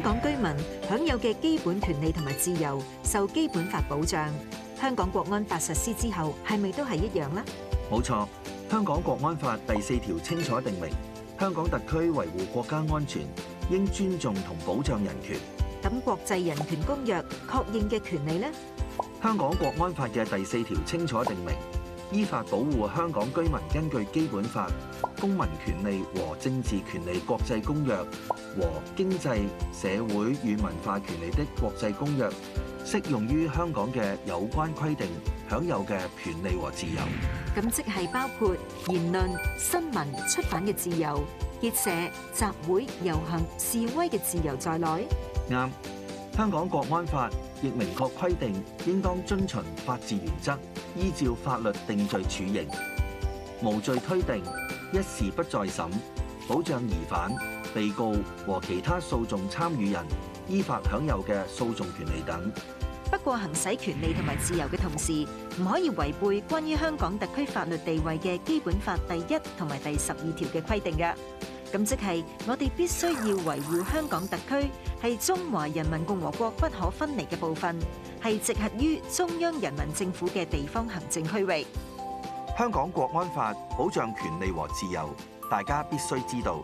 香港居民享有嘅基本權利同埋自由受基本法保障。香港國安法實施之後，係咪都係一樣呢？冇錯，香港國安法第四條清楚定明，香港特區維護國家安全，應尊重同保障人權。咁國際人權公約確認嘅權利呢？香港國安法嘅第四條清楚定明，依法保護香港居民根據基本法、公民權利和政治權利國際公約。和經濟社會與文化權利的國際公約適用於香港嘅有關規定，享有嘅權利和自由。咁即係包括言論、新聞、出版嘅自由、結社、集會、遊行、示威嘅自由在內。啱。香港國安法亦明確規定，應當遵循法治原則，依照法律定罪處刑，無罪推定，一事不再審。保障疑犯、被告和其他訴訟參與人依法享有嘅訴訟權利等。不過，行使權利同埋自由嘅同時，唔可以違背關於香港特區法律地位嘅《基本法》第一同埋第十二條嘅規定嘅。咁即係我哋必須要維護香港特區係中華人民共和國不可分離嘅部分，係直轄於中央人民政府嘅地方行政區域。香港國安法保障權利和自由。大家必須知道。